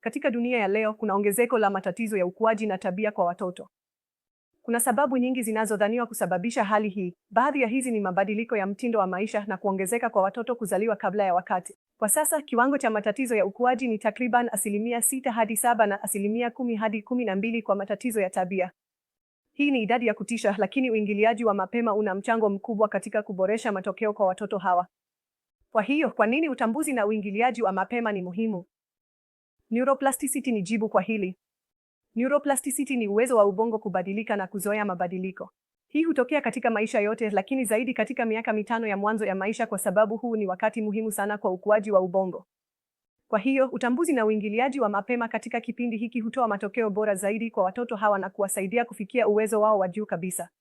Katika dunia ya leo kuna ongezeko la matatizo ya ukuaji na tabia kwa watoto. Kuna sababu nyingi zinazodhaniwa kusababisha hali hii. Baadhi ya hizi ni mabadiliko ya mtindo wa maisha na kuongezeka kwa watoto kuzaliwa kabla ya wakati. Kwa sasa kiwango cha matatizo ya ukuaji ni takriban asilimia sita hadi saba na asilimia kumi hadi kumi na mbili kwa matatizo ya tabia. Hii ni idadi ya kutisha, lakini uingiliaji wa mapema una mchango mkubwa katika kuboresha matokeo kwa watoto hawa. Kwa hiyo, kwa nini utambuzi na uingiliaji wa mapema ni muhimu? Neuroplasticity ni jibu kwa hili. Neuroplasticity ni uwezo wa ubongo kubadilika na kuzoea mabadiliko. Hii hutokea katika maisha yote, lakini zaidi katika miaka mitano ya mwanzo ya maisha, kwa sababu huu ni wakati muhimu sana kwa ukuaji wa ubongo. Kwa hiyo utambuzi na uingiliaji wa mapema katika kipindi hiki hutoa matokeo bora zaidi kwa watoto hawa na kuwasaidia kufikia uwezo wao wa juu kabisa.